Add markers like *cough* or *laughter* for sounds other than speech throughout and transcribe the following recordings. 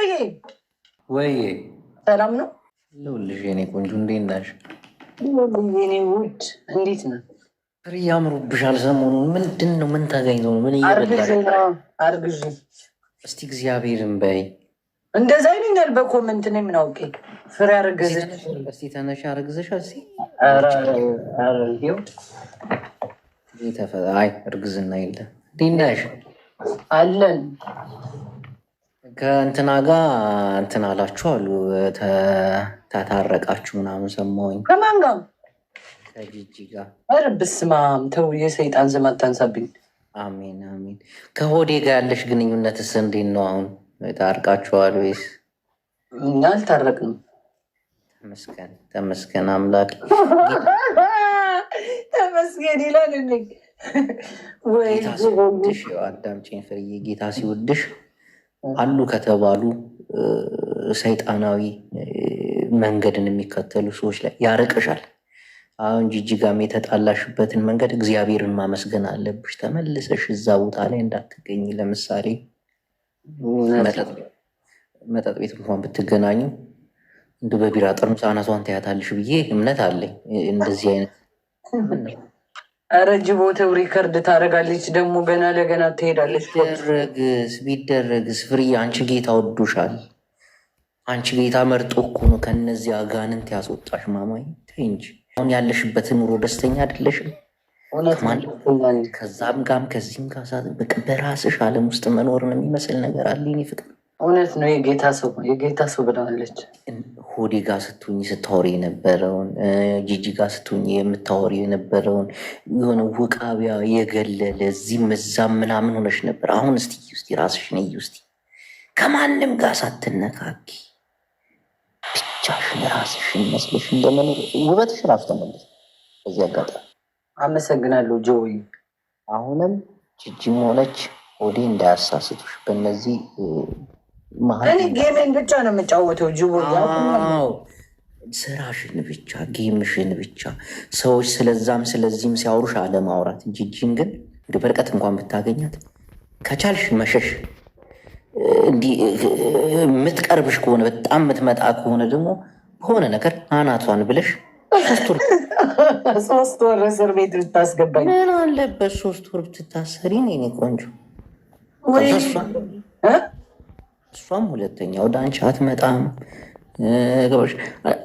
ወይ ወይ ሰላም ነው ልውልሽ የኔ ቆንጆ እንዴት ነሽ? የኔ ውድ እንዴት ነው? እያምሩብሻል። ሰሞኑን ምንድን ነው? ምን ታገኝቶ ነው? ምን እየበላአርግዙ እስቲ እግዚአብሔርን በይ። እንደዛ ይሉኛል በኮመንት ነው የምናውቅ ፍሬ አርገዘ እስቲ ተነሽ አርግዘሻል። እርግዝና የለ እንዴት ነሽ? አለን ከእንትና ጋር እንትን አላችሁ አሉ ተታረቃችሁ ምናምን ሰማሁኝ። ከማን ጋር? ከጂጂ ጋር። ኧረ በስመ አብ ተው፣ የሰይጣን ስም አታንሳብኝ። አሜን አሜን። ከሆዴ ጋር ያለሽ ግንኙነትስ እንዴት ነው? አሁን ታርቃችኋል ወይስ? እኛ አልታረቅንም። ተመስገን ተመስገን አምላክ *laughs* ተመስገን ይላል። ወይ ጌታ ሲወድሽ፣ አዳምጪኝ ፍርዬ፣ ጌታ ሲወድሽ አሉ ከተባሉ ሰይጣናዊ መንገድን የሚከተሉ ሰዎች ላይ ያርቅሻል። አሁን ጅጅጋም የተጣላሽበትን መንገድ እግዚአብሔርን ማመስገን አለብሽ። ተመልሰሽ እዛ ቦታ ላይ እንዳትገኝ። ለምሳሌ መጠጥ ቤት እንኳን ብትገናኙ እንደ በቢራ ጠርሙስ አናቷን ብዬ እምነት አለኝ እንደዚህ አይነት ረጅ ቦተው ሪከርድ ታደርጋለች። ደግሞ ገና ለገና ትሄዳለች። ቢደረግስ ቢደረግስ ፍሪ አንቺ ጌታ ወዶሻል። አንቺ ጌታ መርጦ እኮ ነው ከእነዚህ አጋንንት ያስወጣሽ። ማማይ ተይ እንጂ አሁን ያለሽበት ኑሮ ደስተኛ አይደለሽም። ከዛም ጋም ከዚህም ጋር በራስሽ አለም ውስጥ መኖርን የሚመስል ነገር አለ። ፍቅር እውነት ነው። የጌታ ሰው የጌታ ሰው ብለዋለች። ሆዲ ጋር ስትሆኝ ስታወሪ የነበረውን ጂጂ ጋር ስትሆኝ የምታወሪ የነበረውን የሆነ ውቃቢያ የገለለ እዚህም እዛም ምናምን ሆነች ነበር። አሁን እስቲ ውስቲ ራስሽን ነይ ውስቲ ከማንም ጋር ሳትነካኪ ብቻሽን ራስሽን መስለሽ እንደመኖር ውበትሽ ራሱ ተመለስ። በዚህ አጋጣሚ አመሰግናለሁ ጆይ። አሁንም ጂጂም ሆነች ሆዴ እንዳያሳስቱሽ በእነዚህ እኔ ጌሜን ብቻ ነው የምጫወተው። ጅቦ ስራሽን ብቻ ጌምሽን ብቻ። ሰዎች ስለዛም ስለዚህም ሲያወሩሽ አለማውራት። ጂጂን ግን በርቀት እንኳን ብታገኛት ከቻልሽ መሸሽ። እንዲህ የምትቀርብሽ ከሆነ በጣም የምትመጣ ከሆነ ደግሞ በሆነ ነገር አናቷን ብለሽ ሶስት ወር *laughs* እስር ቤት ብታስገባኝ ምን አለበት? ሶስት ወር ብትታሰሪ ነው ቆንጆ እሷም ሁለተኛ ወደ አንቺ አትመጣም።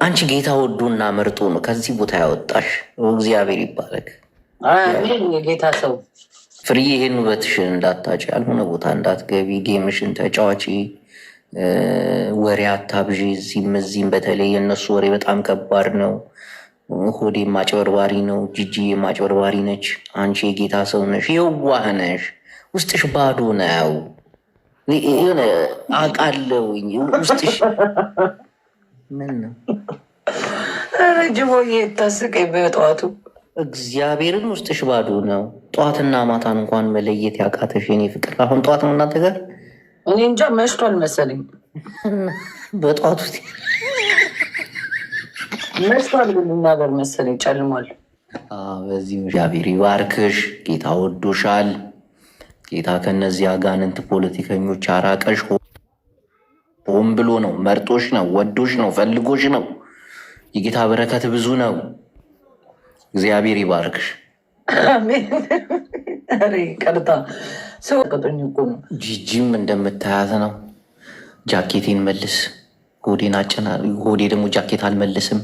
አንቺ ጌታ ወዶና መርጦ ነው ከዚህ ቦታ ያወጣሽ። እግዚአብሔር ይባረክ። የጌታ ሰው ፍሪ ይህን ውበትሽን እንዳታጭ፣ ያልሆነ ቦታ እንዳትገቢ፣ ጌምሽን ተጫዋጪ፣ ወሬ አታብዢ። እዚህም እዚህም በተለይ የእነሱ ወሬ በጣም ከባድ ነው። ሆዴ ማጭበርባሪ ነው። ጂጂ ማጭበርባሪ ነች። አንቺ የጌታ ሰው ነሽ፣ የዋህ ነሽ፣ ውስጥሽ ባዶ ነው። የሆነ አውቃለሁኝ ውስጥሽ ምን ነው ረጅሞ የታስቀኝ በጠዋቱ እግዚአብሔርን ውስጥሽ ባዶ ነው። ጠዋትና ማታን እንኳን መለየት ያቃተሽ የኔ ፍቅር። አሁን ጠዋት ነው እናንተ ጋር እኔ እንጃ መሽቷል መሰለኝ። በጠዋቱ መሽቷል ግን መሰለኝ ጨልሟል። በዚህ እግዚአብሔር ይባርክሽ። ጌታ ወዶሻል። ጌታ ከእነዚህ አጋንንት ፖለቲከኞች አራቀሽ። ሆን ብሎ ነው፣ መርጦሽ ነው፣ ወዶሽ ነው፣ ፈልጎሽ ነው። የጌታ በረከት ብዙ ነው። እግዚአብሔር ይባርክሽ። ቀርታ ነው። ጂጂም እንደምታያት ነው። ጃኬቴን መልስ ጎዴን አጭና፣ ጎዴ ደግሞ ጃኬት አልመልስም።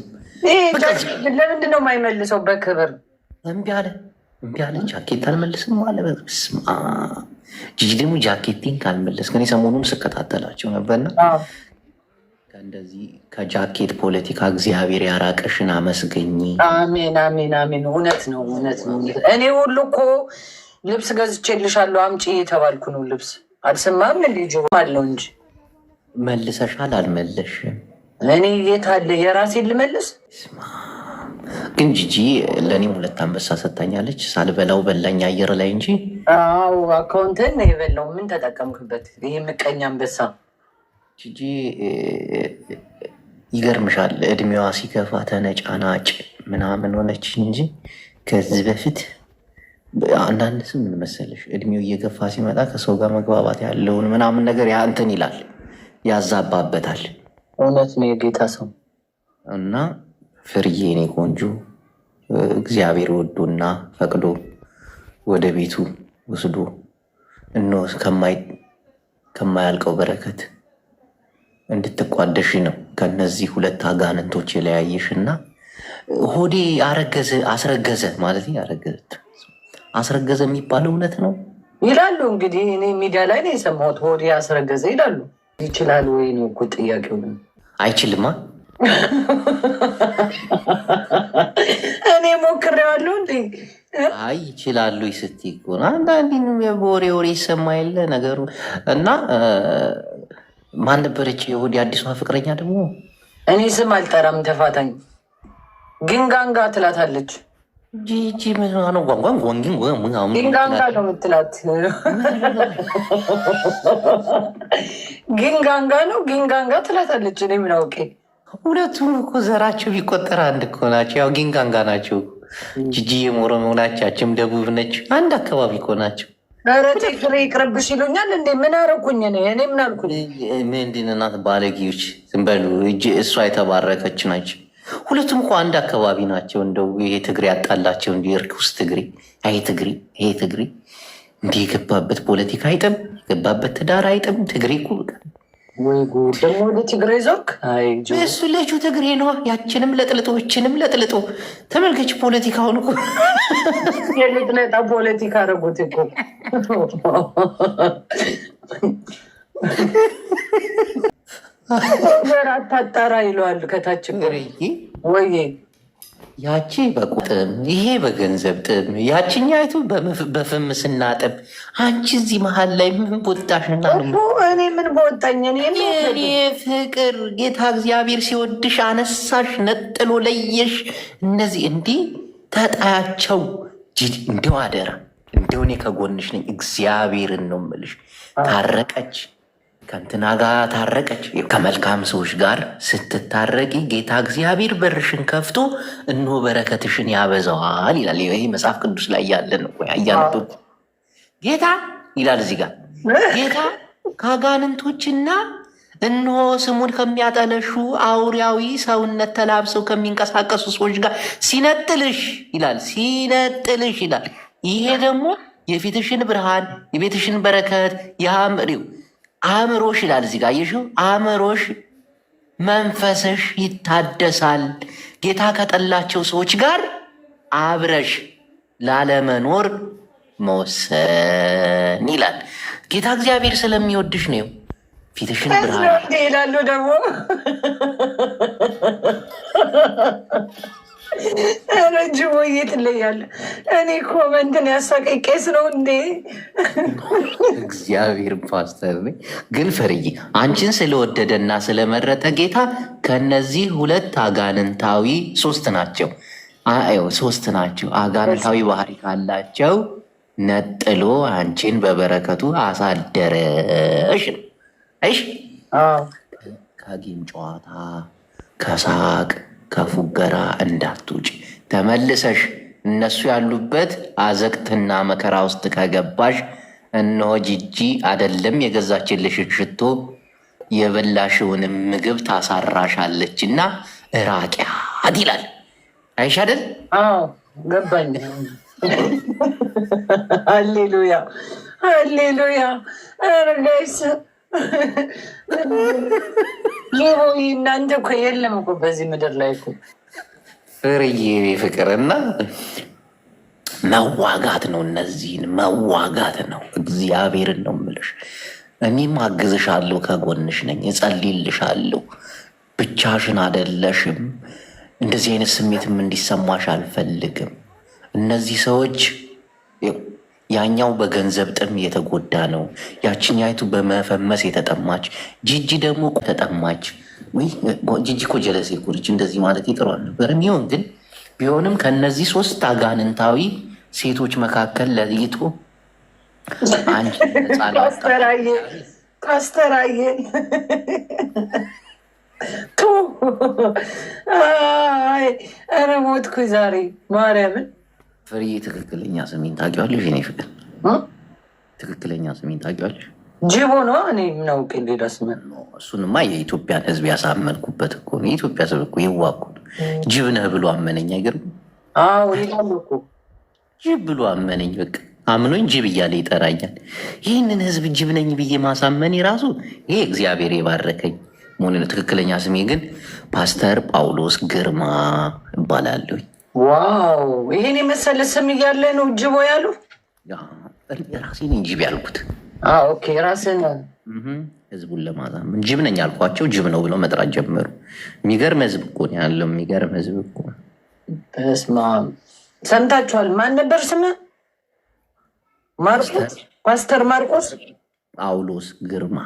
ለምንድነው የማይመልሰው? በክብር እምቢ አለ። ያለ ጃኬት አልመልስም አለ። በስመ አብ ጂጂ ደግሞ ጃኬቴን ካልመለስ ከኔ ሰሞኑን ስከታተላቸው ነበርና ከእንደዚህ ከጃኬት ፖለቲካ እግዚአብሔር ያራቀሽን አመስገኝ። አሜን አሜን አሜን። እውነት ነው እውነት ነው። እኔ ሁሉ እኮ ልብስ ገዝቼልሻለሁ አምጪ የተባልኩ ነው። ልብስ አልሰማም ልጅ አለው እንጂ መልሰሻል አልመለሽም። እኔ የት አለ የራሴን ልመልስ ግን ጂጂ ለእኔም ሁለት አንበሳ ሰታኛለች። ሳልበላው በላኝ አየር ላይ እንጂ። አዎ አካውንትን ነው የበላው። ምን ተጠቀምክበት? ይህ ምቀኛ አንበሳ። ጂጂ ይገርምሻል፣ እድሜዋ ሲገፋ ተነጫናጭ ምናምን ሆነች እንጂ ከዚህ በፊት አንዳንድ ስም ምን መሰለሽ፣ እድሜው እየገፋ ሲመጣ ከሰው ጋር መግባባት ያለውን ምናምን ነገር ያንትን ይላል፣ ያዛባበታል። እውነት ነው የጌታ ሰው እና ፍርዬ ኔ ቆንጆ እግዚአብሔር ወዶና ፈቅዶ ወደ ቤቱ ወስዶ እኖ ከማያልቀው በረከት እንድትቋደሽ ነው ከነዚህ ሁለት አጋንንቶች የለያየሽ እና ሆዴ አረገዘ አስረገዘ ማለት አስረገዘ የሚባለው እውነት ነው ይላሉ። እንግዲህ እኔ ሚዲያ ላይ ነው የሰማሁት። ሆዴ አስረገዘ ይላሉ። ይችላል ወይ ነው እኮ ጥያቄው። አይችልማ እኔ ሞክሬዋለሁ እንዴ? አይ ይችላሉ ስትይ ይጎን ነው። አንዳንዴ በወሬ ወሬ ይሰማ የለ ነገሩ እና ማን ነበረች ወዲ አዲሷ ፍቅረኛ ደግሞ? እኔ ስም አልጠራም ተፋታኝ፣ ግን ጋንጋ ትላታለች። ጂጂ ምንዋ ነው ጓንጓን ጎንግን ግን ነው የምትላት። ግን ጋንጋ ነው ግን ጋንጋ ትላታለች። እኔ ምን አውቄ ሁለቱም እኮ ዘራቸው ቢቆጠር አንድ እኮ ናቸው። ያው ጊንጋንጋ ናቸው። ጅጂ ኦሮሞ ናቸው። ያችም ደቡብ ነች። አንድ አካባቢ እኮ ናቸው። ኧረ ይቅርብሽ ይሉኛል እንዴ! ምን አረኩኝ? ነ እኔ ምን አልኩኝ? ምንድን እናት ባለጌዎች ዝም በሉ። እሷ የተባረከች ናቸው። ሁለቱም እኮ አንድ አካባቢ ናቸው። እንደው ይሄ ትግሬ ያጣላቸው እንዲ እርክ ውስጥ ትግሬ አይ ትግሬ ይሄ ትግሬ እንዲህ የገባበት ፖለቲካ አይጥም፣ የገባበት ትዳር አይጥም። ትግሬ እኮ ደግሞ ወደ ትግራይ ዞርክ። እሱ ልጁ ትግሬ ነው። ያችንም ለጥልጦ እችንም ለጥልጦ ተመልከች። ፖለቲካውን እኮ *laughs* ፖለቲካ አደረጉት እኮ ይለዋል ከታች ወይ ያቺ በቁጥም ይሄ በገንዘብ ጥም፣ ያችኛይቱ በፍምስና ጥም። አንቺ እዚህ መሀል ላይ ምን ቦጣሽና? እኔ ምን ቦጣኝ? ፍቅር ጌታ እግዚአብሔር ሲወድሽ አነሳሽ፣ ነጥሎ ለየሽ። እነዚህ እንዲህ ተጣያቸው። እንዲው አደራ፣ እንዲሁ እኔ ከጎንሽ ነኝ። እግዚአብሔርን ነው የምልሽ። ታረቀች ከእንትና ጋር ታረቀች። ከመልካም ሰዎች ጋር ስትታረቂ ጌታ እግዚአብሔር በርሽን ከፍቶ እነሆ በረከትሽን ያበዛዋል ይላል። ይህ መጽሐፍ ቅዱስ ላይ ያለን ነው። ጌታ ይላል እዚህ ጋር ጌታ ከአጋንንቶችና እንሆ ስሙን ከሚያጠለሹ አውሪያዊ ሰውነት ተላብሰው ከሚንቀሳቀሱ ሰዎች ጋር ሲነጥልሽ ይላል ሲነጥልሽ ይላል። ይሄ ደግሞ የፊትሽን ብርሃን የቤትሽን በረከት ያምሪው አእምሮሽ ይላል እዚህ ጋር አየሽው? አእምሮሽ መንፈስሽ ይታደሳል። ጌታ ከጠላቸው ሰዎች ጋር አብረሽ ላለመኖር መወሰን ይላል። ጌታ እግዚአብሔር ስለሚወድሽ ነው። ፊትሽን ብርሃን ይላሉ ደግሞ ረጅሙ እየትለያለ እኔ ኮመንትን ያሳቀኝ ቄስ ነው እንዴ? እግዚአብሔር ፓስተር ግን ፈርዬ አንቺን ስለወደደና ስለመረጠ ጌታ ከነዚህ ሁለት አጋንንታዊ ሶስት ናቸው አዎ ሶስት ናቸው አጋንንታዊ ባህሪ ካላቸው ነጥሎ አንቺን በበረከቱ አሳደረሽ ነው። እሽ ከጌም ጨዋታ ከሳቅ ከፉገራ እንዳትውጭ ተመልሰሽ እነሱ ያሉበት አዘቅትና መከራ ውስጥ ከገባሽ እነሆ ጂጂ አደለም የገዛችልሽ ሽቶ የበላሽውንም ምግብ ታሳራሻለች እና እራቂያት ይላል። አይሻደል ገባኝ። አሌሉያ *laughs* አሌሉያ። ሌባው እናንተ እኮ የለም እኮ በዚህ ምድር ላይ እኮ ፍርዬ ፍቅር እና መዋጋት ነው። እነዚህን መዋጋት ነው። እግዚአብሔርን ነው የምልሽ። እኔም አግዝሻለሁ፣ ከጎንሽ ነኝ፣ እጸልይልሻለሁ። ብቻሽን አደለሽም። እንደዚህ አይነት ስሜትም እንዲሰማሽ አልፈልግም። እነዚህ ሰዎች ያኛው በገንዘብ ጥም የተጎዳ ነው። ያችኛይቱ በመፈመስ የተጠማች ጂጂ ደግሞ ተጠማች። ጂጂ እኮ ጀለሴ እኮ ነች። እንደዚህ ማለት ይጥሯል ነበር ሚሆን ግን ቢሆንም ከነዚህ ሶስት አጋንንታዊ ሴቶች መካከል ለይቶ አንቺ ካስተራየን ኧረ ሞትኩ ዛሬ ማርያምን ፍርዬ ትክክለኛ ስሜን ታውቂዋለሽ? እኔ ፍቅር ትክክለኛ ስሜን ታውቂዋለሽ? ጅቦ ነው። እኔ የምናውቅ ሌላ ስም እሱንማ የኢትዮጵያን ሕዝብ ያሳመንኩበት እኮ ነው። የኢትዮጵያ ሕዝብ እኮ ይዋቁ ጅብ ነህ ብሎ አመነኝ። አይገርም? ጅብ ብሎ አመነኝ። በቃ አምኖኝ ጅብ እያለ ይጠራኛል። ይህንን ሕዝብ ጅብ ነኝ ብዬ ማሳመን ራሱ ይሄ እግዚአብሔር የባረከኝ መሆን ነው። ትክክለኛ ስሜ ግን ፓስተር ጳውሎስ ግርማ እባላለሁኝ። ዋው ይሄን የመሰለ ስም እያለ ነው ጅቦ ያሉ ራሴን እንጂ ያልኩት ራስን ህዝቡን ለማዛመን ጅብ ነኝ ያልኳቸው ጅብ ነው ብለው መጥራት ጀመሩ። የሚገርም ህዝብ እኮ ነው ያለው። የሚገርም ህዝብ እኮ በስመ ሰምታችኋል። ማን ነበር ስም? ማርቆስ ፓስተር ማርቆስ ጳውሎስ ግርማ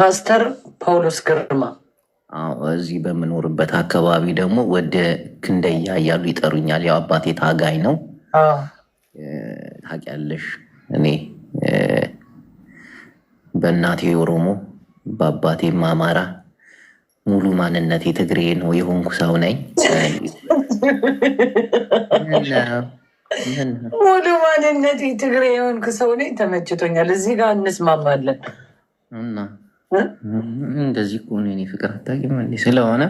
ፓስተር ጳውሎስ ግርማ እዚህ በምኖርበት አካባቢ ደግሞ ወደ ክንደያ እያሉ ይጠሩኛል። ያው አባቴ ታጋይ ነው ታውቂያለሽ። እኔ በእናቴ ኦሮሞ በአባቴም አማራ ሙሉ ማንነቴ ትግሬ ነው የሆንኩ ሰው ነኝ። ሙሉ ማንነቴ ትግሬ የሆንኩ ሰው ነኝ። ተመችቶኛል። እዚህ ጋር እንስማማለን እና እንደዚህ እኮ ነው የእኔ ፍቅር አታውቂም እንዴ? ስለሆነ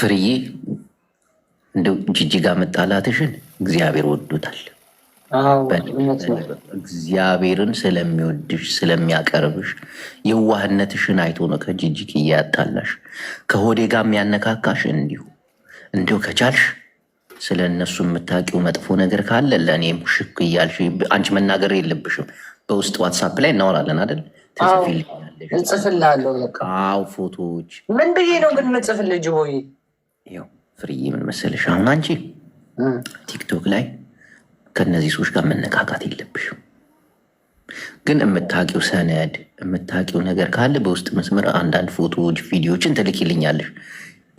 ፍርዬ እንደ ጅጅ ጋር መጣላትሽን እግዚአብሔር ወዶታል። እግዚአብሔርን ስለሚወድሽ ስለሚያቀርብሽ የዋህነትሽን አይቶ ነው ከጅጅግ እያጣላሽ ከሆዴ ጋር የሚያነካካሽ። እንዲሁ እንዲሁ ከቻልሽ ስለ እነሱ የምታውቂው መጥፎ ነገር ካለ ለእኔ ሽክ እያልሽ አንቺ መናገር የለብሽም። በውስጥ ዋትሳፕ ላይ እናወራለን አይደል? ጽፍላለሁ። አዎ ፎቶዎች ምን ብዬ ነው ግን ምጽፍል ልጅ ሆይ ፍርዬ ምን መሰለሽ፣ አሁን አንቺ ቲክቶክ ላይ ከእነዚህ ሰዎች ጋር መነካካት የለብሽም። ግን የምታውቂው ሰነድ የምታውቂው ነገር ካለ በውስጥ መስመር አንዳንድ ፎቶዎች፣ ቪዲዮዎችን ትልኪልኛለሽ።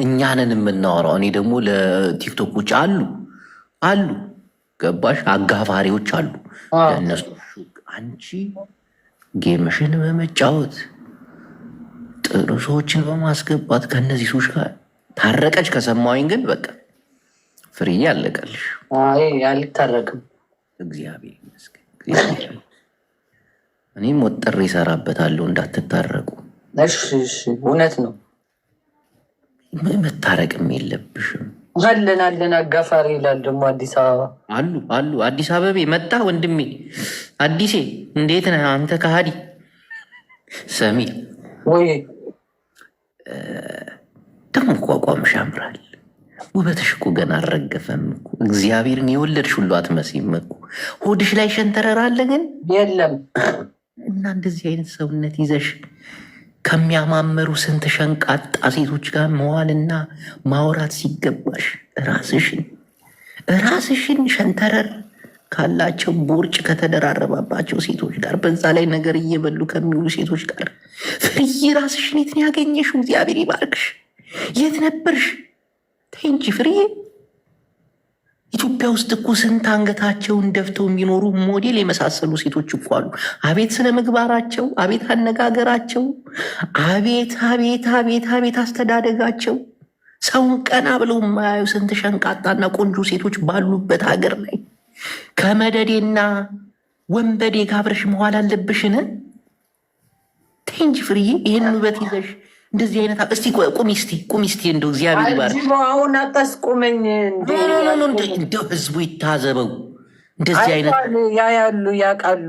እኛንን የምናወራው እኔ ደግሞ ለቲክቶኮች አሉ አሉ ገባሽ፣ አጋፋሪዎች አሉ ለእነሱ አንቺ ጌምሽን በመጫወት ጥሩ ሰዎችን በማስገባት ከእነዚህ ሰዎች ጋር ታረቀች። ከሰማሁኝ ግን በቃ ፍርዬ አለቀልሽ። አልታረቅም። እግዚአብሔር ይመስገን። እኔም ወጥሬ ይሰራበታለሁ እንዳትታረቁ። እውነት ነው። መታረቅም የለብሽም። አለን አለን አጋፋሪ ይላል ደግሞ አዲስ አበባ አሉ አሉ። አዲስ አበቤ መጣ ወንድሜ አዲሴ፣ እንዴት ነህ አንተ ከሃዲ ሰሚ። ወይ ደግሞ ቋቋምሽ ያምራል። ውበትሽ እኮ ገና አልረገፈም እኮ እግዚአብሔርን የወለድሽ ሁሉ አትመሲም እኮ። ሆድሽ ላይ ሸንተረር አለ ግን የለም እና እንደዚህ አይነት ሰውነት ይዘሽ ከሚያማምሩ ስንት ሸንቃጣ ሴቶች ጋር መዋልና ማውራት ሲገባሽ ራስሽን ራስሽን ሸንተረር ካላቸው ቦርጭ ከተደራረባባቸው ሴቶች ጋር በዛ ላይ ነገር እየበሉ ከሚውሉ ሴቶች ጋር ፍርዬ፣ ራስሽን የትን ያገኘሽው? እግዚአብሔር ይባርክሽ። የት ነበርሽ? ተይ እንጂ ፍርዬ። ኢትዮጵያ ውስጥ እኮ ስንት አንገታቸውን ደፍተው የሚኖሩ ሞዴል የመሳሰሉ ሴቶች እኮ አሉ። አቤት ስነ ምግባራቸው፣ አቤት አነጋገራቸው፣ አቤት አቤት አቤት አቤት አስተዳደጋቸው። ሰውን ቀና ብለው የማያዩ ስንት ሸንቃጣና ቆንጆ ሴቶች ባሉበት ሀገር ላይ ከመደዴና ወንበዴ ጋብረሽ መዋል አለብሽን? ቴንጅ ፍርዬ ይህን ውበት ይዘሽ እንደዚህ አይነት እስቲ ቁሚ እስቲ ቁሚ እስቲ እንደ እግዚአብሔር ይባል። አሁን አታስቁመኝ። እንደው ህዝቡ ይታዘበው። እንደዚህ አይነት ያያሉ ያውቃሉ።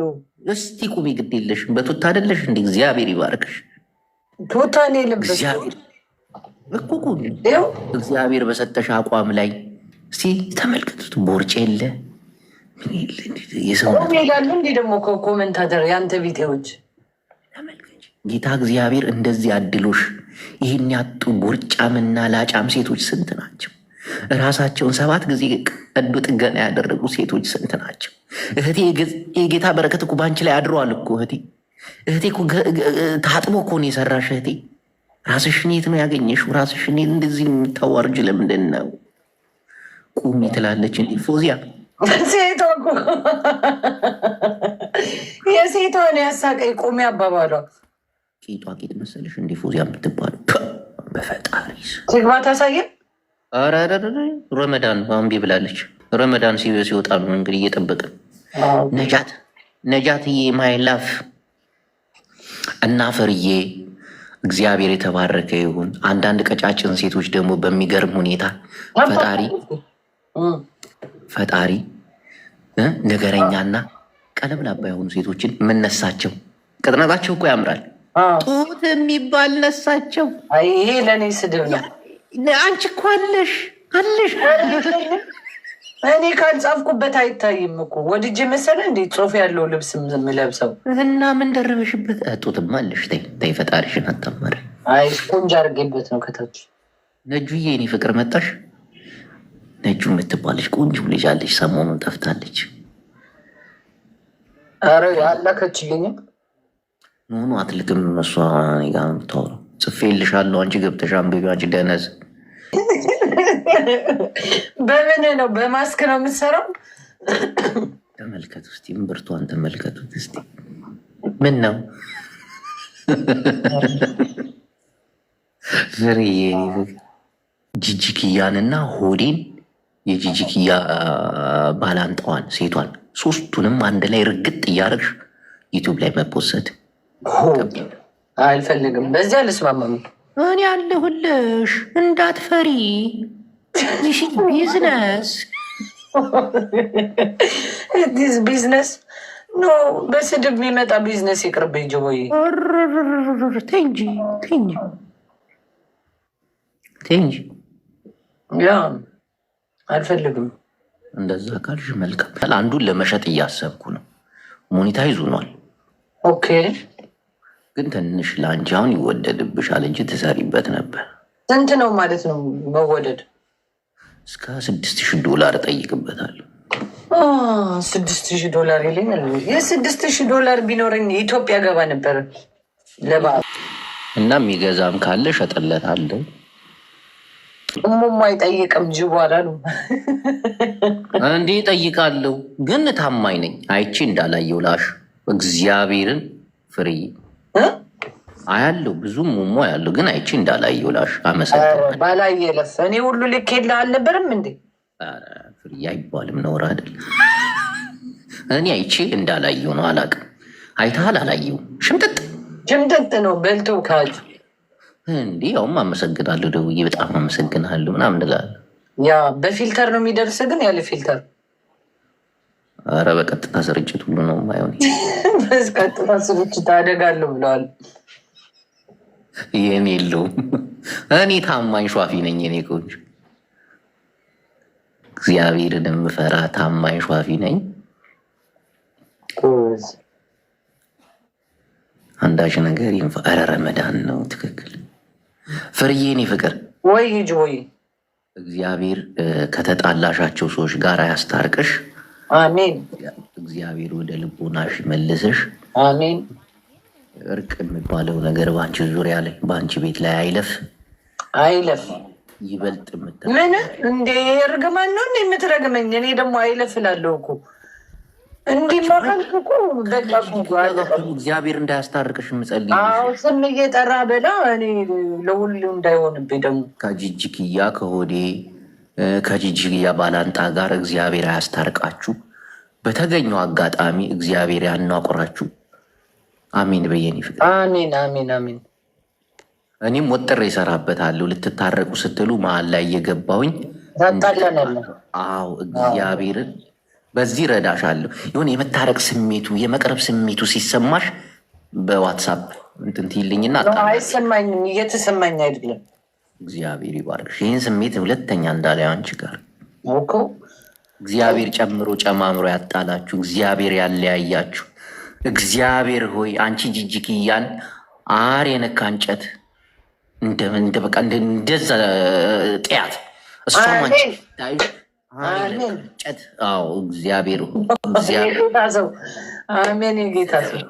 እስቲ ቁሚ፣ ግድ የለሽም በቱታ አይደለሽ እንደ እግዚአብሔር ይባርክሽ። ቱታ እኔ ልብስ እኮ እግዚአብሔር በሰጠሽ አቋም ላይ እስቲ ተመልከቱት። ቦርጭ የለ ምን የለ ሄዳሉ። እንዲህ ደግሞ ኮመንታተር የአንተ ቪቴዎች ጌታ እግዚአብሔር እንደዚህ አድሎሽ ይህን ያጡ ቦርጫምና ላጫም ሴቶች ስንት ናቸው? ራሳቸውን ሰባት ጊዜ ቀዶ ጥገና ያደረጉ ሴቶች ስንት ናቸው? እህቴ የጌታ በረከት እኮ ባንቺ ላይ አድሯል እኮ እህቴ። እህቴ ታጥቦ እኮ ነው የሰራሽ እህቴ። ራስሽን የት ነው ያገኘሽው? ራስሽን እንደዚህ የምታዋርጅ ለምንድን ነው? ቁሚ ትላለች እንዲ ፎዚያ ሴቶ የሴቶን ያሳቀኝ ቁሚ አባባሏ ቂጧ ቂጥ መሰለሽ እንዲ ፎዚያ የምትባል በፈጣሪ ረመዳን አንቢ ብላለች። ረመዳን ሲወጣ ነው እንግዲህ እየጠበቅን ነጃት ነጃትዬ፣ ማይላፍ እናፈርዬ፣ እግዚአብሔር የተባረከ ይሁን። አንዳንድ ቀጫጭን ሴቶች ደግሞ በሚገርም ሁኔታ ፈጣሪ ፈጣሪ ነገረኛና ቀለብ ላባ የሆኑ ሴቶችን ምነሳቸው ቅጥነታቸው እኮ ያምራል። ጡት የሚባል ነሳቸው። ይሄ ለእኔ ስድብ ነው። አንቺ እኮ አለሽ አለሽ። እኔ ካልጻፍኩበት አይታይም እኮ ወድጄ መሰለ እንዴ ጽሁፍ ያለው ልብስ የምለብሰው እና ምን ደረበሽበት? ጡትም አለሽ። ተይ ፈጣሪሽን አታማረ። አይ ቆንጆ አድርጌበት ነው ከታች። ነጁዬ እኔ ፍቅር መጣሽ። ነጁ የምትባለች ቆንጆ ልጅ አለች፣ ሰሞኑን ጠፍታለች። አረ አላከችልኝም መሆኑ አትልክም። እሷ ጋ ጋር ነው የምታወራው። ጽፌልሻለሁ፣ አንቺ ገብተሽ አንብቢ። አንቺ ደነዝ በምን ነው በማስክ ነው የምትሰራው? ተመልከት እስኪ፣ እምብርቷን ተመልከቱት እስኪ። ምን ነው ፍርዬ ጅጅክያንና ሆዴን የጂጂክያ ባላንጣዋን ሴቷን ሶስቱንም አንድ ላይ ርግጥ እያደረግሽ ዩቱብ ላይ መፖሰት አልፈልግም። በዚህ አልስማማም። እኔ ያለሁልሽ እንዳትፈሪ። ይሽ ቢዝነስ ቢዝነስ ኖ በስድብ የሚመጣ ቢዝነስ ይቅርብኝ። ጅቦዬ ተይ እንጂ ተይ ያ አልፈልግም። እንደዛ ካልሽ መልካም። አንዱን ለመሸጥ እያሰብኩ ነው። ሞኒታይዝ ሆኗል። ኦኬ ግን ትንሽ ለአንቺ አሁን ይወደድብሻል እንጂ ትሰሪበት ነበር። ስንት ነው ማለት ነው መወደድ? እስከ ስድስት ሺህ ዶላር እጠይቅበታለሁ። ስድስት ሺህ ዶላር የለኝ። የስድስት ሺህ ዶላር ቢኖረኝ ኢትዮጵያ ገባ ነበር ለባ እና የሚገዛም ካለ እሸጥለታለሁ። እሙማ አይጠይቅም። ጅቧላ ነው እንዴ? እጠይቃለሁ፣ ግን ታማኝ ነኝ። አይቼ እንዳላየው ላሽ እግዚአብሔርን ፍሬ። አያለው ብዙ ሙሞ ያለው ግን አይቼ እንዳላየው ላሽ አመሰግናለሁ። ባላየ እኔ ሁሉ ልክ የለ አልነበርም እንዴ? ፍርዬ አይባልም ነውር አይደል? እኔ አይቼ እንዳላየው ነው አላቅም። አይተሃል? አላየው ሽምጥጥ ሽምጥጥ ነው በልቶ ካጅ እንዲህ ያውም አመሰግናለሁ ደውዬ በጣም አመሰግናለሁ ምናምን እላለሁ። ያ በፊልተር ነው የሚደርስ ግን ያለ ፊልተር አረ በቀጥታ ስርጭት ሁሉ ነው ማይሆን *laughs* ቀጥታ ስርጭት አደጋለሁ ብለዋል። ይህን የለውም። *laughs* እኔ ታማኝ ሸፊ ነኝ። እኔ ቆንጆ እግዚአብሔርን የምፈራ ታማኝ ሸፊ ነኝ። አንዳች ነገር ኧረ ረመዳን ነው ትክክል። ፍርዬ እኔ ፍቅር ወይ ወይ እግዚአብሔር ከተጣላሻቸው ሰዎች ጋር ያስታርቅሽ። አሜን። እግዚአብሔር ወደ ልቦናሽ መልሰሽ አሜን። እርቅ የሚባለው ነገር በአንቺ ዙሪያ ላይ በአንቺ ቤት ላይ አይለፍ አይለፍ። ይበልጥ ምን እንደ እርግማን ነው እንደ የምትረግመኝ እኔ ደግሞ አይለፍ እላለሁ እኮ እንዲህ እግዚአብሔር እንዳያስታርቅሽ የምጸልይ ስም እየጠራ በላ እኔ ለሁሉ እንዳይሆንብኝ ደግሞ ከጅጅክያ ከሆዴ ከጂጂግያ ባላንጣ ጋር እግዚአብሔር አያስታርቃችሁ። በተገኘው አጋጣሚ እግዚአብሔር ያናቆራችሁ። አሚን። በየኔ ፍቅር አሚን፣ አሚን፣ አሚን። እኔም ወጥሬ እሰራበታለሁ። ልትታረቁ ስትሉ መሀል ላይ እየገባውኝ አዎ፣ እግዚአብሔርን በዚህ ረዳሻለሁ። የሆነ የመታረቅ ስሜቱ የመቅረብ ስሜቱ ሲሰማሽ በዋትሳፕ እንትን ትይልኝና አይሰማኝም፣ እየተሰማኝ አይደለም እግዚአብሔር ይባርክሽ። ይህን ስሜት ሁለተኛ እንዳላይ አንቺ ጋር ሞከው እግዚአብሔር ጨምሮ ጨማምሮ ያጣላችሁ፣ እግዚአብሔር ያለያያችሁ፣ እግዚአብሔር ሆይ አንቺ ጅጅክያን አር የነካ እንጨት እንደዛ ጥያት እሷም አንቺ ጌታ አሜን። ሰው